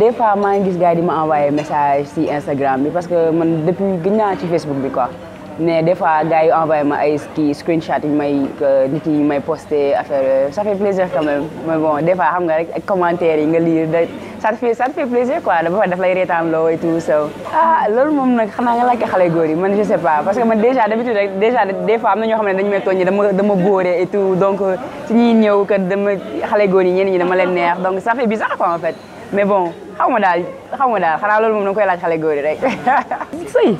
des fois maa ngi gis gars yi di ma envoyé message si Instagram bi parce que man depuis gën naa ci Facebook bi quoi mais des fois gars ma ay kii screenshot yi may nit yi may posté affaire yooyu ça fait plaisir quand même bon des fois xam nga rek ak yi nga lire da ça te fait ça te fait plaisir quoi dafa fa daf lay reetaan loo et tout so ah loolu moom nag xanaa nga laajte xale góor yi man je sais pas parce que man déjà d'habitude rek tout donc su ñuy ñëw que dama xale góor yi ñenn ñi dama leen neex donc ça fait bizarre quoi en mais bon xaw ma daal xaw ma daal xanaa loolu moom da nga koy laaj xale góor yi rek sëy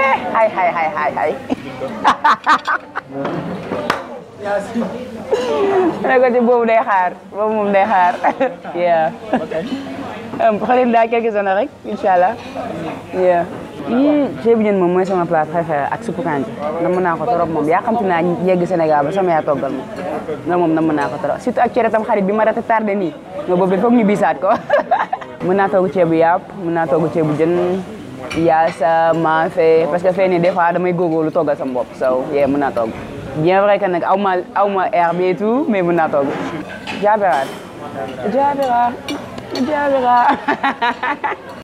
eh, ay ay ay ay ay boobu day xaar boobu moom day xaar yeah xarit daa quelques années rek inshallah yeah yii ceebu jën moom mooy sama plat préféré ak suppu kànja namm naa ko trop moom yàqamti naa yegg Sénégal ba sama yaa toggal moom loolu moom namm naa ko trop surtout ak cere tam xarit bi ma rata tardé nii mais boobu foog ñu biisaat ko mën naa togg ceebu yàpp mën naa togg ceebu jën yaasa parce que des fois sama bopp so ya mën bien vrai que air bi et tout mais mën naa togg. jaabiraat